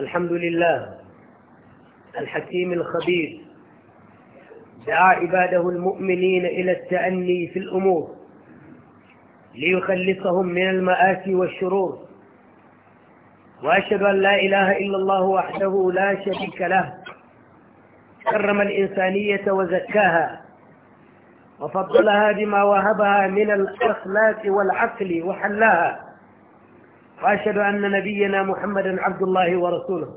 الحمد لله الحكيم الخبير دعا عباده المؤمنين إلى التأني في الأمور ليخلصهم من المآسي والشرور وأشهد أن لا إله إلا الله وحده لا شريك له كرم الإنسانية وزكاها وفضلها بما وهبها من الأخلاق والعقل وحلاها وأشهد أن نبينا محمدا عبد الله ورسوله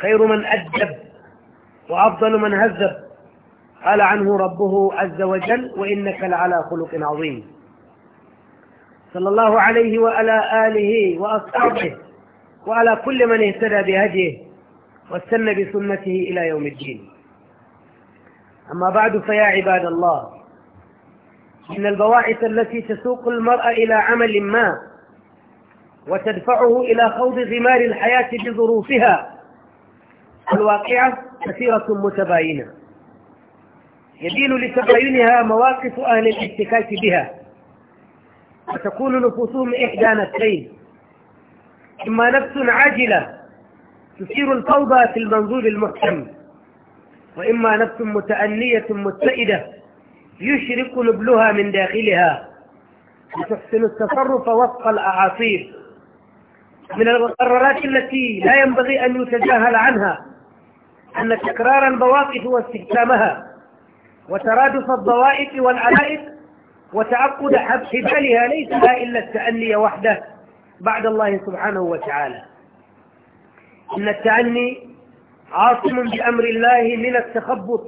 خير من أدب وأفضل من هذب قال عنه ربه عز وجل وإنك لعلى خلق عظيم صلى الله عليه وعلى آله وأصحابه وعلى كل من اهتدى بهديه واستنى بسنته إلى يوم الدين أما بعد فيا عباد الله إن البواعث التي تسوق المرأة إلى عمل ما وتدفعه إلى خوض غمار الحياة بظروفها الواقعة كثيرة متباينة يدين لتباينها مواقف أهل الاحتكاك بها وتكون نفوسهم إحدى نفسين إما نفس عاجلة تثير الفوضى في المنظور المحكم وإما نفس متأنية متئدة يشرق نبلها من داخلها وتحسن التصرف وفق الأعاصير من المقررات التي لا ينبغي أن يتجاهل عنها أن تكرار البواقف واستخدامها وترادف الضوائف والعلائق وتعقد حبالها ليس لها إلا التأني وحده بعد الله سبحانه وتعالى إن التأني عاصم بأمر الله من التخبط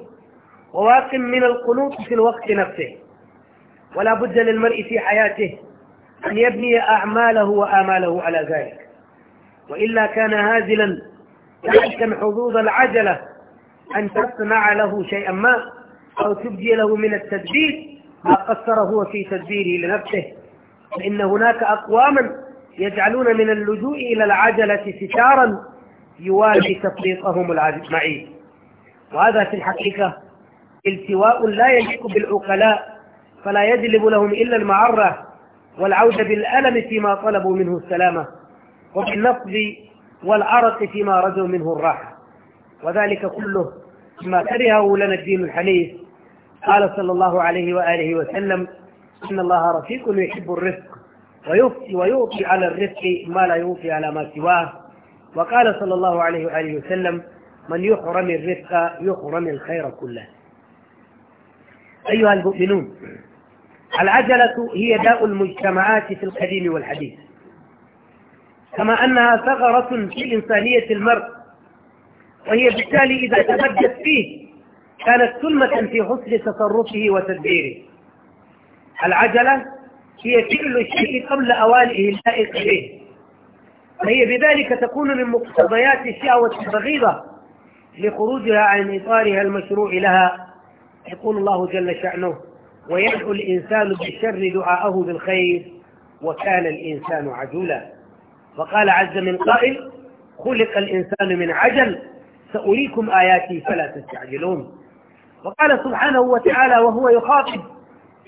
وواق من القنوط في الوقت نفسه ولا بد للمرء في حياته أن يبني أعماله وآماله على ذلك وإلا كان هازلا تحكم حظوظ العجلة أن تصنع له شيئا ما أو تبدي له من التدبير ما قصر هو في تدبيره لنفسه فإن هناك أقواما يجعلون من اللجوء إلى العجلة ستارا يواجه تطبيقهم الأجمعين وهذا في الحقيقة التواء لا يليق بالعقلاء فلا يجلب لهم إلا المعرة والعودة بالألم فيما طلبوا منه السلامة وبالنفض والعرق فيما رجوا منه الراحة وذلك كله ما كرهه لنا الدين الحنيف قال صلى الله عليه وآله وسلم إن الله رفيق يحب الرفق ويفتي ويوفي على الرفق ما لا يوفي على ما سواه وقال صلى الله عليه وآله وسلم من يحرم الرفق يحرم الخير كله أيها المؤمنون العجلة هي داء المجتمعات في القديم والحديث كما أنها ثغرة في إنسانية المرء وهي بالتالي إذا تبدت فيه كانت سلمة في حسن تصرفه وتدبيره العجلة هي فعل الشيء قبل أوانه اللائق به فهي بذلك تكون من مقتضيات الشهوة البغيضة لخروجها عن إطارها المشروع لها يقول الله جل شأنه ويدعو الإنسان بالشر دعاءه بالخير وكان الإنسان عجولا فقال عز من قائل خلق الإنسان من عجل سأريكم آياتي فلا تستعجلون وقال سبحانه وتعالى وهو يخاطب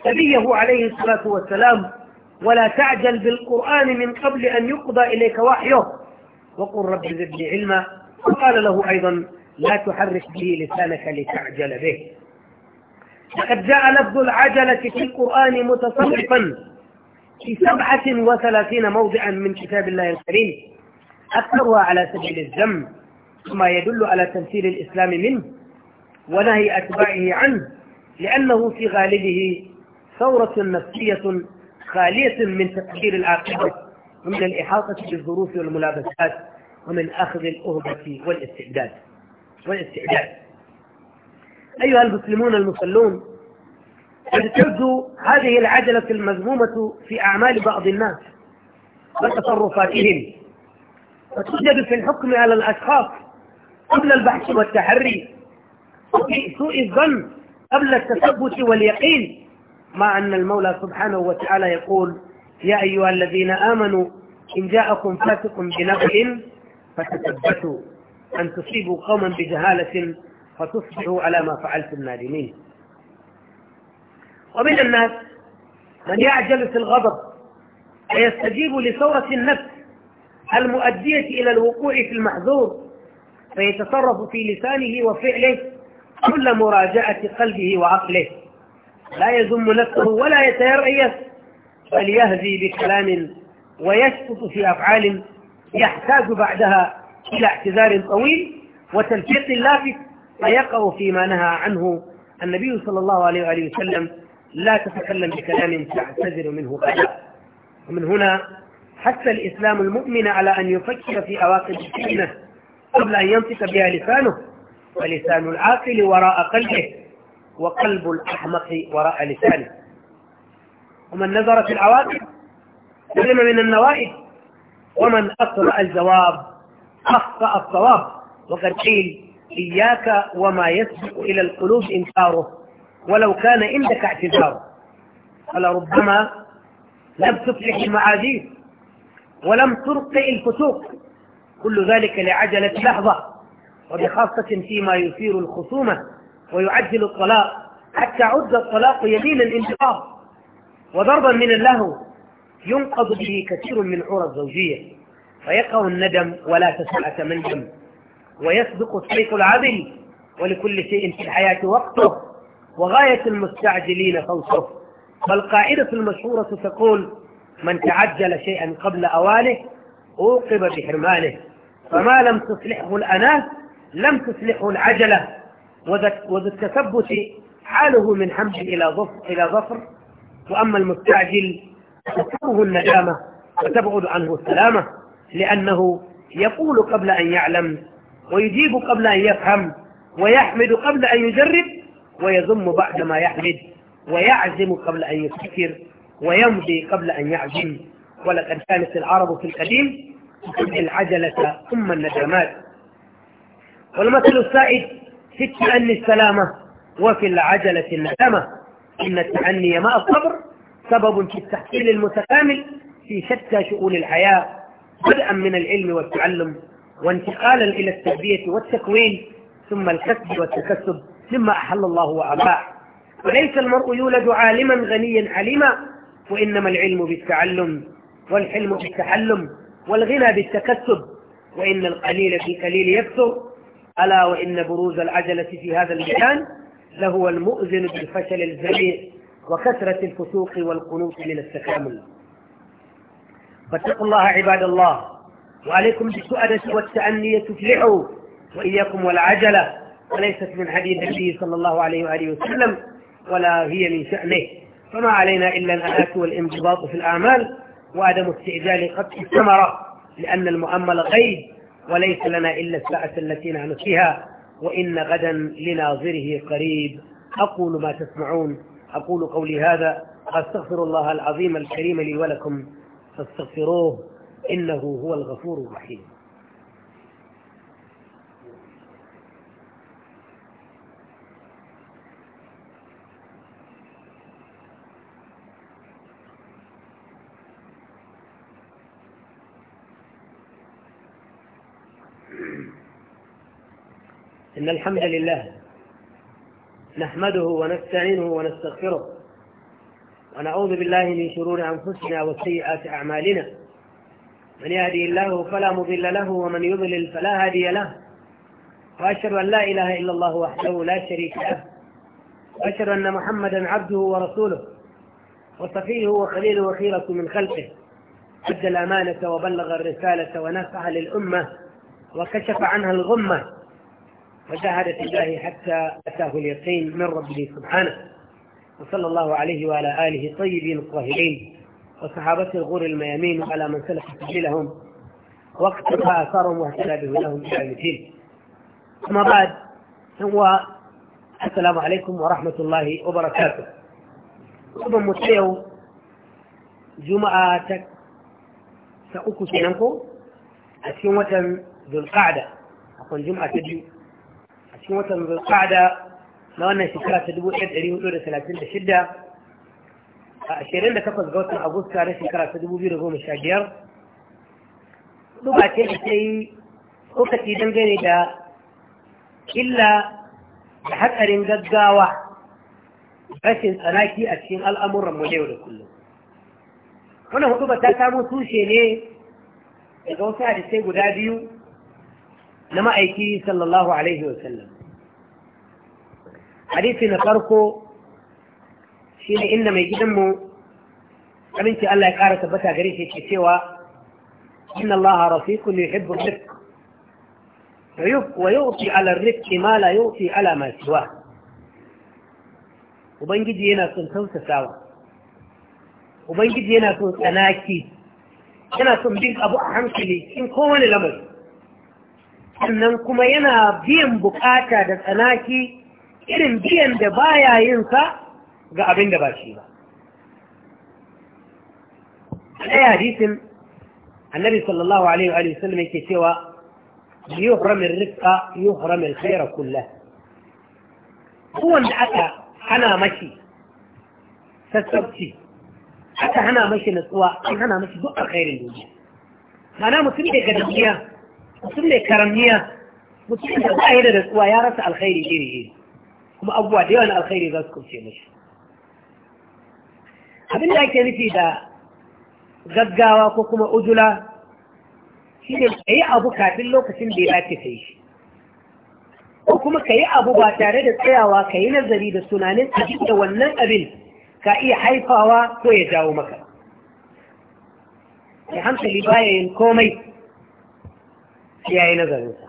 نبيه عليه الصلاة والسلام ولا تعجل بالقرآن من قبل أن يقضى إليك وحيه وقل رب زدني علما وقال له أيضا لا تحرك به لسانك لتعجل به لقد جاء لفظ العجلة في القرآن متصرفا في سبعة وثلاثين موضعا من كتاب الله الكريم أكثرها على سبيل الذم ما يدل على تمثيل الإسلام منه ونهي أتباعه عنه لأنه في غالبه ثورة نفسية خالية من تقدير العاقبة ومن الإحاطة بالظروف والملابسات ومن أخذ الأهبة والاستعداد والاستعداد أيها المسلمون المصلون تجد تبدو هذه العجلة المذمومة في أعمال بعض الناس وتصرفاتهم وتوجد في الحكم على الأشخاص قبل البحث والتحري وفي سوء الظن قبل التثبت واليقين مع أن المولى سبحانه وتعالى يقول يا أيها الذين آمنوا إن جاءكم فاسق بنبأ فتثبتوا أن تصيبوا قوما بجهالة فتصبحوا على ما فعلتم نادمين ومن الناس من يعجل في الغضب ويستجيب لثورة النفس المؤدية إلى الوقوع في المحذور فيتصرف في لسانه وفعله كل مراجعة قلبه وعقله لا يذم نفسه ولا يتيرئيس بل يهزي بكلام ويسقط في أفعال يحتاج بعدها إلى اعتذار طويل وتلفيق لافت فيقع فيما نهى عنه النبي صلى الله عليه وآله وسلم لا تتكلم بكلام تعتذر منه أبدا ومن هنا حث الإسلام المؤمن على أن يفكر في عواقب الفتنة قبل أن ينطق بها لسانه فلسان العاقل وراء قلبه وقلب الأحمق وراء لسانه ومن نظر في العواقب سلم من النوائب ومن اقرا الجواب أخطأ الصواب وقد قيل إياك وما يسبق إلى القلوب إنكاره ولو كان عندك اعتذار فلربما لم تفلح المعاذير ولم ترقئ الفسوق كل ذلك لعجلة لحظة وبخاصة فيما يثير الخصومة ويعجل الطلاق حتى عد الطلاق يمين الانتقام وضربا من اللهو ينقض به كثير من عرى الزوجية فيقع الندم ولا تسعة من دم ويسبق السيف العدل ولكل شيء في الحياة وقته وغاية المستعجلين فانصره فالقاعدة المشهورة تقول من تعجل شيئا قبل أوانه أوقب بحرمانه فما لم تصلحه الأناة لم تصلحه العجلة وذا التثبت حاله من حمد إلى ظفر, إلى ظفر وأما المستعجل تتبعه الندامة وتبعد عنه السلامة لأنه يقول قبل أن يعلم ويجيب قبل أن يفهم ويحمد قبل أن يجرب ويذم بعد ما يحمد ويعزم قبل أن يفكر ويمضي قبل أن يعزم ولقد كانت العرب في القديم تبني العجلة ثم الندمات والمثل السائد في التأني السلامة وفي العجلة الندمة إن التأني ماء الصبر سبب في التحصيل المتكامل في شتى شؤون الحياة بدءا من العلم والتعلم وانتقالا إلى التربية والتكوين ثم الكسب والتكسب مما أحل الله وأباح وليس المرء يولد عالما غنيا حليما وإنما العلم بالتعلم والحلم بالتحلم والغنى بالتكسب وإن القليل في قليل يكثر ألا وإن بروز العجلة في هذا المكان لهو المؤذن بالفشل الزريع وكثرة الفسوق والقنوط من التكامل فاتقوا الله عباد الله وعليكم بالسؤدة والتأنية تفلحوا وإياكم والعجلة وليست من حديث النبي صلى الله عليه وآله وسلم ولا هي من شأنه فما علينا إلا الأناة والانضباط في الأعمال وعدم استعجال قد الثمرة لأن المؤمل غيب وليس لنا إلا الساعة التي نحن فيها وإن غدا لناظره قريب أقول ما تسمعون أقول قولي هذا أستغفر الله العظيم الكريم لي ولكم فاستغفروه إنه هو الغفور الرحيم إن الحمد لله نحمده ونستعينه ونستغفره ونعوذ بالله من شرور أنفسنا وسيئات أعمالنا من يهدي الله فلا مضل له ومن يضلل فلا هادي له وأشهد أن لا إله إلا الله وحده لا شريك له وأشهد أن محمدا عبده ورسوله وصفيه وخليله وخيرة من خلقه أدى الأمانة وبلغ الرسالة ونفع للأمة وكشف عنها الغمة في الله حتى أتاه اليقين من ربه سبحانه وصلى الله عليه وعلى آله الطيبين الطاهرين وصحابته الغور الميامين وعلى من سلك سبيلهم واقتفى آثارهم واهتدى بهداهم إلى المثيل أما بعد هو السلام عليكم ورحمة الله وبركاته ربما متيو جمعاتك سأكو سننكو أسيومة ذو القعدة أقول جمعة تجيو a cikin watan zulqa'da na wannan shekara ta 1436 a 28 ga watan agusta na shekara ta 2015 duba ce da ta yi lokaci dangane da illa da hatsarin gaggawa rashin tsanaki a cikin al'amuranmu yau da kullum wannan hudu ba ta samun sushe ne daga wasu hadisai guda biyu na ma'aiki sallallahu alaihi wasallam hadisi na farko shi ne inda mai gidanmu abinci Allah ya ƙara tabbata gare shi ke cewa inna Allah ne yuhibbu rifq wa yu'ti ala rifq ma la yu'ti ala ma siwa ubangiji yana son tausasawa ubangiji yana son tsanaki yana son bin abu a hankali in kowane lamari sannan kuma yana biyan bukata da tsanaki irin biyan da baya yinsa ga abin da ba shi ba ɗaya hadisin annabi sallallahu alaihi wa sallam yake cewa yuhram ar-rizqa yuhram al-khayr kullah kowanne aka hana mashi sassabci aka hana mashi natsuwa aka hana mashi duk kairin duniya mana mutum daga duniya mutum mai karamiya mutum da ba da rasuwa ya rasa alkhairi iri iri kuma abubuwa da yawan alkhairi za su kuce mashi abin da ake nufi da gaggawa ko kuma ujula shi ne ka yi abu kafin lokacin da ya dace ka yi shi ko kuma ka yi abu ba tare da tsayawa ka yi nazari da tunanin a da wannan abin ka iya haifawa ko ya jawo maka ya hankali baya komai shi yayi nazarinsa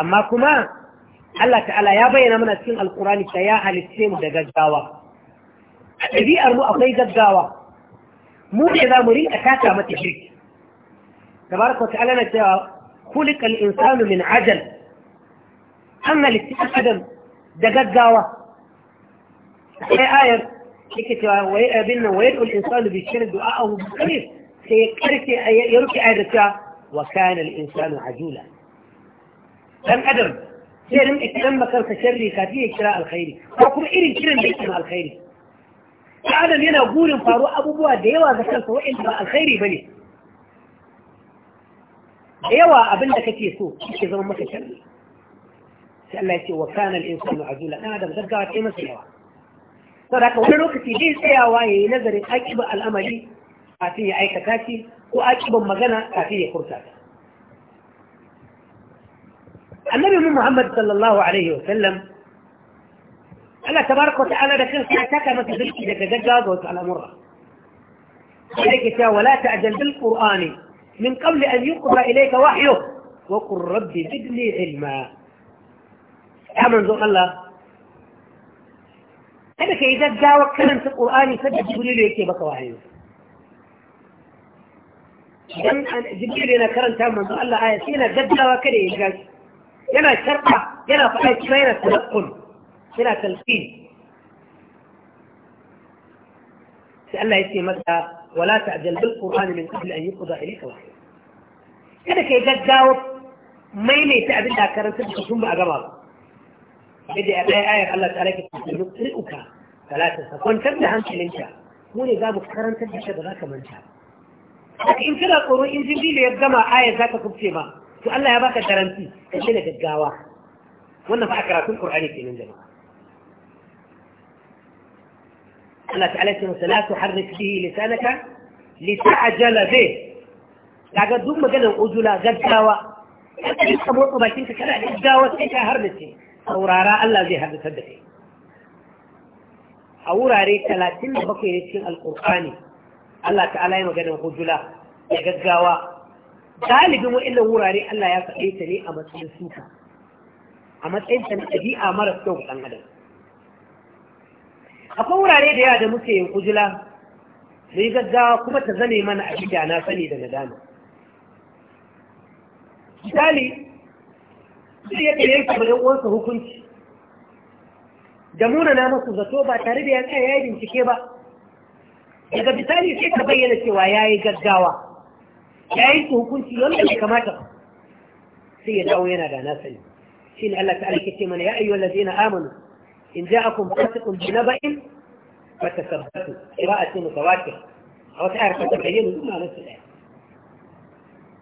amma kuma Allah ta'ala ya bayyana mana cikin alkurani ta ya halitte mu da gaggawa a ɗabi'ar mu akwai gaggawa mu ne za mu rinka taka mata shirki tabaraka wa ta'ala na cewa kulika al-insanu min ajal an halitti adam da gaggawa sai ayar yake cewa wai abin nan wayar al-insanu bi shirki du'a'ahu bi sai karfe ya rufe ayar da cewa وكان الإنسان عجولا لم أدر سيرم اتنم كرت شري كافية كراء الخير وكم إرن كرم بيتم الخير فعلم ينا اقول فارو أبو بوا ديوا ذكرت وإن باء الخير بني ديوا أبن لك تيسو كيف زمن مكة شري سأل الله يسي وكان الإنسان عجولا أنا أدر ذكرت كيما سيوا فذاك ولو كتي دي سيوا نظري أكبر الأمل أعطيه أي تكاتي وأجيب مجانا كافية خرسات النبي محمد صلى الله عليه وسلم قال تبارك وتعالى ذكر ساعتك ما تزلك ذكر دجاج وتعالى مرة عليك يا ولا تعجل بالقرآن من قبل أن يقرأ إليك وحيه وقل ربي زدني علما أمن ذو الله هذا كي إذا جاوك كلمة القرآن فجد تقولي لي يكي وحيه idan jibril yana karanta manzo Allah aya sai yana gaggawa kada ya gashi yana sharba yana faɗa kira yana talaqqun yana talqin sai Allah ya ce masa wala ta'jal bil qur'ani min qabl an yuqda ilayka wahyi kada kai gaggawa maimaita abin da karanta da tun ba a gaba ba sai da ayi ayar Allah ta'ala ke tsiri'uka talata kwantar da hankalinka mu ne za mu karantar da shi da za ka manta daga in kana tsoron in jibrilu ya gama ayar za ka kubce ma to Allah ya baka garanti ka ce da gaggawa wannan fa a karatun Qur'ani kenan jama'a Allah ta'ala ce masa la tuharrik bihi lisanaka lita'jala bih kaga duk maganar ujula gaggawa kai ka motsa bakin ka kana gaggawa sai ka harbace saurara Allah zai harbisar da kai a wurare 37 ne cikin alqur'ani Allah ta'ala ya maganin hujula da gaggawa galibin wa'annan wurare Allah ya faɗe ta ne a matsayin suka a matsayin ta na ɗabi'a mara kyau ga ɗan adam akwai wurare da yawa da muke yin hujula da yi gaggawa kuma ta zane mana a gida na sani da nadama misali sai ya kare yanke bayan uwansa hukunci da muna na masu zato ba tare da ya ya yi bincike ba daga bisani sai ka bayyana cewa ya yi gaggawa ya yi su hukunci wanda ya kamata sai ya dawo yana da na sani shi ne Allah ta'ala ke ce mana ya ayyuhal na amanu in ja'akum fasiqun bi naba'in fatasabbatu sabbatu ba a wata ayar ta bayyana duk ma'anar su daya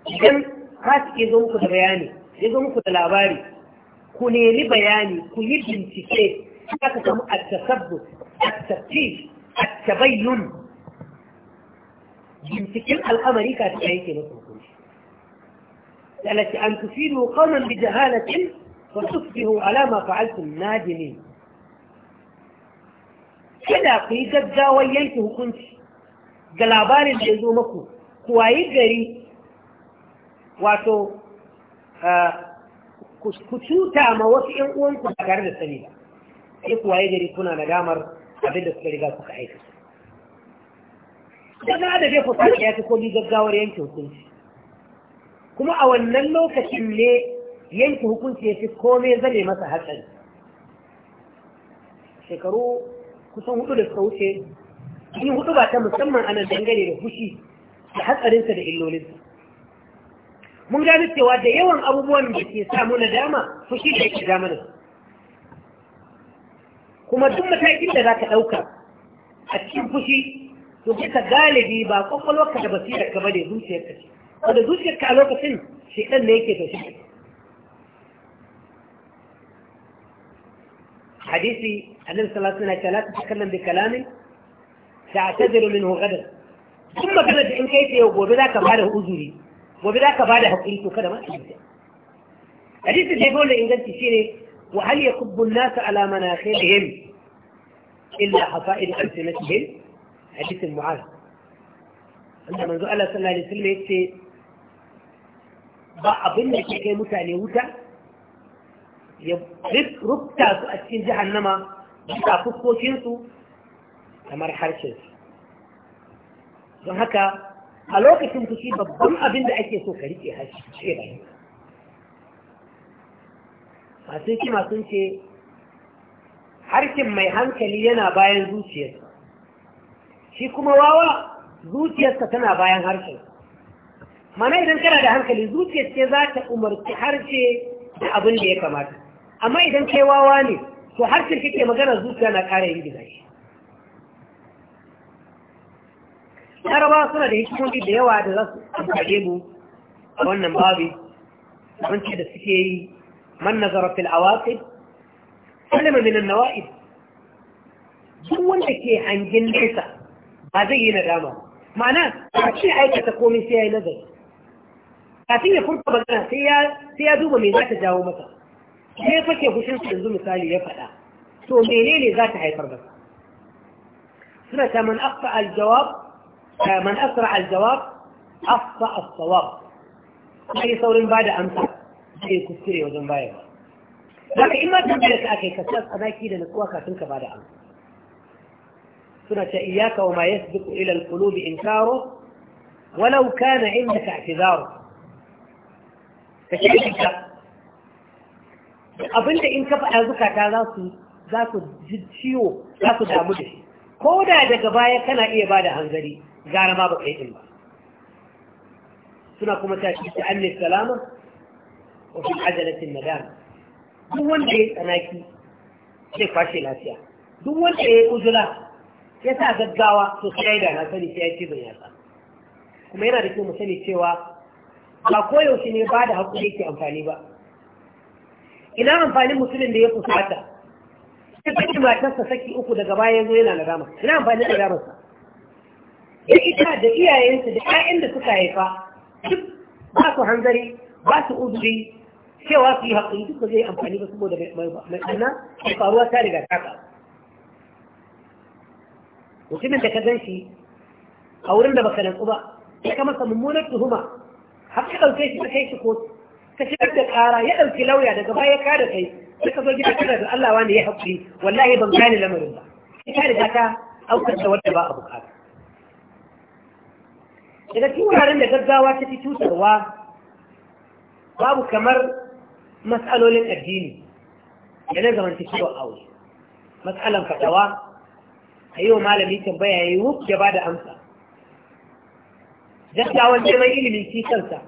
idan fasiki zo muku da bayani ya zo muku da labari ku nemi bayani ku yi bincike ka samu a tasabbut a tafsir at-tabayyun cikin al'amari ka a yake masa hukunci التي أن تفيدوا قوما بجهالة فتصبحوا على alama فعلتم nadini kada ku yi gaggawar yanke hukunci ga labarin da ya zo maku ku wayi gari wato ku cuta ma wasu ‘yan uwanku ba tare da sani ba sai ku wayi gari kuna nadamar abin da suka riga kuka aikata Kuma na da zai fusa ya fi komi gaggawar yanke hukunci kuma a wannan lokacin ne yanke hukunci ya fi komai zane masa hatsari shekaru kusan hudu da suka wuce yin hudu ba ta musamman ana dangane da fushi da hatsarinsa da illolinsa mun gani cewa da yawan abubuwan da ke samu na dama fushi da yake damar. kuma duk matakin da za ka ɗauka a cikin fushi to bisa galibi ba kwakwalwarka da basira ka bane zuciyarka ce wanda zuciyarka a lokacin shekan ne yake tashi hadisi annabi sallallahu alaihi wasallam ya ce la takallam bi kalamin ta'tadiru minhu gadan duk magana da in kai ta yau gobe zaka bada uzuri gobe zaka bada hakuri to kada ma hadisi da yake inganci shine wa hal yakubbu an-nas ala manakhirihim illa hafa'id alsinatihim hadisin mu'az wanda manzo Allah sallallahu alaihi wasallam yace ba abin kai mutane wuta ya rufta su a cikin jahannama nama, fuskokin su kamar harshen don haka a lokacin fushi babban abin da ake so ka rike harshe ce bai masu kima sun ce harshen mai hankali yana bayan zuciyarsa shi kuma wawa zuciyarsa tana bayan harshe mana idan kana da hankali zuciyar ce za ta umarci harshe da abin da ya kamata amma idan kai wawa ne to harshen kake magana zuciya na ƙara yin gida shi larabawa suna da hikimomi da yawa da za su amfane mu a wannan babi wance da suke yi man nazara fil awaqib salama min an-nawa'ib duk wanda ke hangin nesa ba zai yi nadama ma'ana a ce aikata komai sai ya yi nazari kafin ya furta magana sai ya duba mai za ta jawo masa sai ya fake hushin yanzu misali ya faɗa to menene za ta haifar masa suna ta man afa aljawab eh, man asra aljawab afa as-sawab yi saurin ba da amsa zai kuskure wajen bayarwa zaka in ma tambayar ka akai ka sa tsanaki da natsuwa kafin ka ba da amsa suna ta iyaka wa ma yasbiqu ila alqulub inkaru walau kana indaka i'tizaru kace kika abinda in ka faɗa zukata za su ji ciwo za su damu da shi ko daga baya kana iya ba da hanzari gara ma ba kai kuma ta salama wanda ya tsanaki zai kwashe lafiya duk wanda ya yi ya sa gaggawa to sai da na sani sai ya ce zan yasa kuma yana da kyau mu sani cewa ba koyaushe ne ba da hakuri yake amfani ba ina amfanin musulun da ya fusata sai ki matarsa saki uku daga baya zo yana nadama ina amfanin nadamarsa Ya ita da iyayensa da ƴaƴan da suka haifa duk ba su hanzari ba su uzuri cewa su yi haƙuri duk ba zai amfani ba saboda mai mai mai faruwa ta riga ta mutumin da ka gan shi a wurin da baka nantsu ba ya masa mummunar tuhuma har ka ɗauke shi ka kai shi kotu ka shigar da ƙara ya ɗauki lauya daga baya ka da kai sai ka zo gida kana da Allah wani ya haƙuri wallahi ban gane lamarin ba sai ka riga ka aukar da wanda ba a buƙata daga cikin wuraren da gaggawa ta fi cutarwa babu kamar matsalolin addini da na zamantakewar aure matsalan fatawa a yi wa malami tambaya ya yi wuk ya ba da amsa. Jaddawan neman ilimi shi